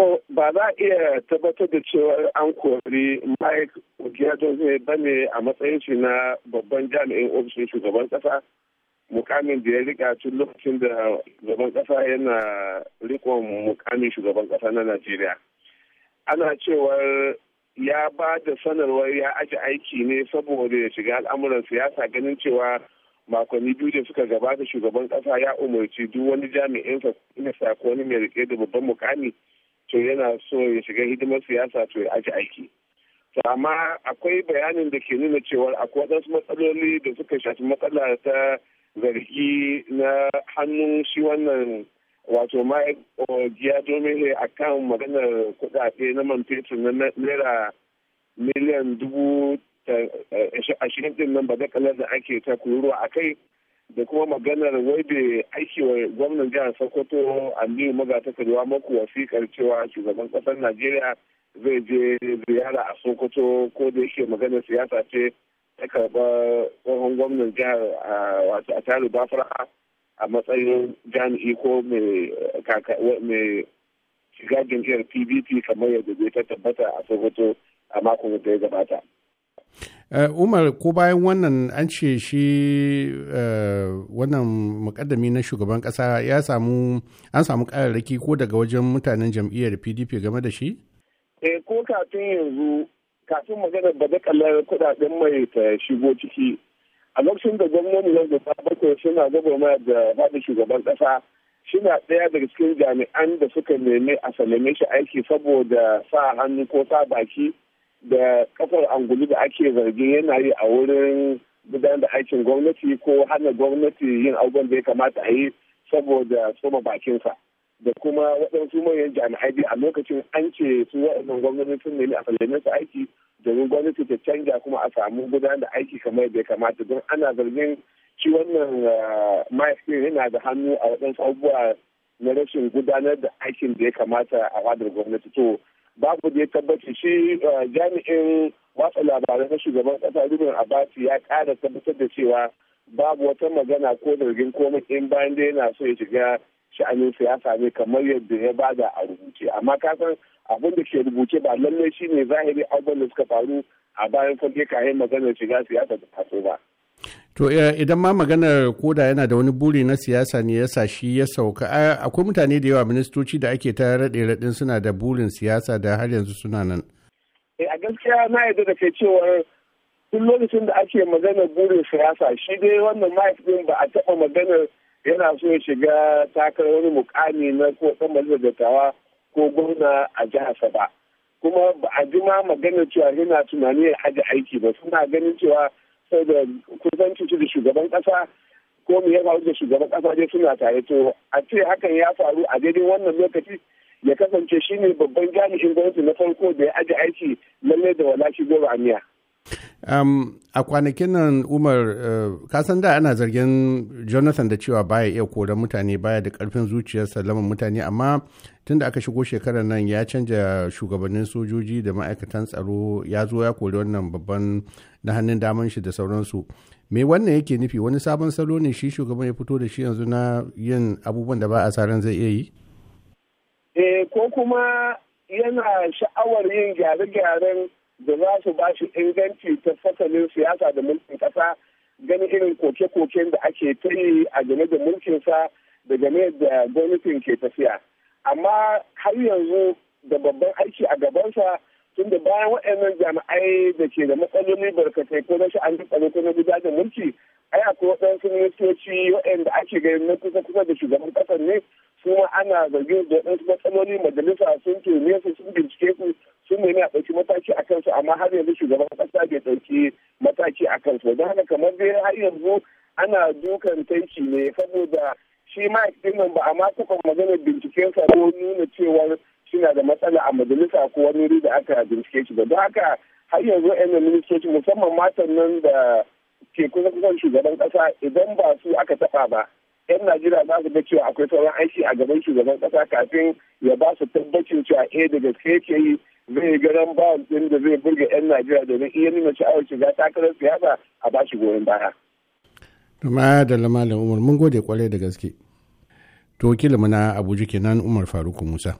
to ba za a iya tabbatar da cewa an kori mike ogiadoze ba ne a matsayin shi na babban jami'in ofishin shugaban kasa mukamin da ya rika tun lokacin da shugaban kasa yana rikon mukamin shugaban kasa na najeriya ana cewar ya ba da sanarwar ya aji aiki ne saboda ya shiga al'amuran siyasa ganin cewa makonni biyu da suka gabata shugaban kasa ya umarci duk wani jami'insa minista ko wani mai rike da babban mukami to yana so ya shiga hidimar siyasa to ya aji aiki to amma akwai bayanin da ke nuna cewa akwai waɗansu matsaloli da suka shafi matsala ta zargi na hannun shi wannan wato ma'aikaciya domin a kan maganar kudade na man fetur na naira miliyan dubu eh, ashirin din nan ba da ake ta kururuwa a kai da kuma maganar wai bai aiki wa gwamnan jihar sokoto aliyu magatakarwa maku wasikar cewa shugaban kasar najeriya zai je ziyara a sokoto ko da yake maganar siyasa ce ta karba tsohon gwamnan jihar wato a taru bafara a matsayin jami'i ko mai shiga jam'iyyar pdp kamar yadda zai ta tabbata a sokoto a makon da ya gabata Eh, umar ko bayan wannan an ce shi eh, wannan mukaddami na shugaban kasa ya samu an samu kararraki ko daga wajen mutanen jam'iyyar pdp game da shi eh ko kafin yanzu kafin maganar badakalar kudaden mai ta shigo ciki a lokacin da gwamnati yanzu ta bakwai suna ma da bada shugaban kasa shina ɗaya daga cikin jami'an da suka nemi a shi aiki saboda sa hannu ko sa baki da kafar angulu da ake zargi yana yi a wurin gudanar da aikin gwamnati ko hana gwamnati yin abubuwan da ya kamata a yi saboda soma bakinsa da kuma waɗansu manyan jami'ai a lokacin an ce su waɗannan gwamnati sun nemi a sallame su aiki domin gwamnati ta canja kuma a samu gudanar da aiki kamar da ya kamata don ana zargin shi wannan ah, yana da hannu a waɗansu abubuwa na rashin gudanar da aikin da ya kamata a fadar gwamnati to babu da ya tabbaci shi eh, jami'in watsa labarai na shugaban kasa rubin abasi ya kara tabbatar da cewa babu wata magana ko zargin komai in bayan da yana so ya shiga sha'anin siyasa ne kamar yadda ya bada a rubuce amma ka san abin da ke rubuce ba lallai shine zahiri abin da suka faru a bayan fage kayan maganar shiga siyasa da taso ba To eh, idan ma maganar koda yana da wani buri na siyasa ne ya sa shi ya sauka akwai mutane da yawa ministoci da ake ta raɗe raɗin suna da burin siyasa da har yanzu suna nan. Eh, a gaskiya na yadda da kai cewa eh, duk lokacin da ake maganar burin siyasa shi dai wannan mahaifin ba a taɓa maganar yana so ya shiga takarar wani mukami na ko ɗan majalisar dattawa ko gwamna a sa ba. Kuma ba a ji ma maganar cewa yana tunani ya aji aiki ba suna ganin cewa da kusanci da shugaban kasa ko mu ya faru da shugaban kasa dai suna tare to a ce hakan ya faru a daidai wannan lokaci ya kasance shine babban jami'in gwamnati na farko da ya aji aiki lallai da wala shi goro a miya. Um, a kwanakin nan Umar uh, eh, kasan da ana zargin Jonathan da cewa baya iya koran mutane baya da karfin zuciyarsa laman mutane amma tun da aka shigo shekarar nan ya canja shugabannin sojoji da ma'aikatan tsaro ya zo ya kori wannan babban na hannun daman shi da sauransu. Me wannan yake nufi wani sabon salo ne shi shugaban ya fito da shi yanzu na yin abubuwan da ba a sa ran zai iya yi? Eh ko kuma yana sha'awar yin gyare-gyaren da za su ba shi inganci ta fasalin siyasa da mulkin kasa ganin irin koke-koken da ake ta yi a game da mulkinsa da game da gwamnatin ke tafiya amma har yanzu da babban aiki a gabansa tun da bayan waɗannan jami'ai da ke da matsaloli barkatai ko na an tsaro ko na da mulki ai akwai waɗansu ministoci waɗanda ake ganin na kusa kusa da shugaban ƙasar ne su ma ana zargin da waɗansu matsaloli majalisa sun ke su sun bincike su sun nemi a ɗauki mataki a kansu amma har yanzu shugaban ƙasa bai ɗauki mataki a kansu don haka kamar dai har yanzu ana dukan taiki ne saboda shi ma'aikacin nan ba a ma kuka magana bincikensa ko nuna cewar suna da matsala a majalisa ko wani wuri da aka bincike shi ba don haka har yanzu yan ministoci musamman matan nan da ke kusa kusan shugaban ƙasa idan ba su aka taɓa ba 'yan Najeriya za su ga cewa akwai sauran aiki a gaban shugaban kasa kafin ya ba su tabbacin cewa eh da gaske yake yi zai garan ba din da zai burge 'yan Najeriya domin iya nuna sha'awar shiga takarar siyasa a ba shi goyon baya. Tuma da lamalin Umar mun gode kwarai da gaske. To na Abuja kenan Umar Faruku Musa.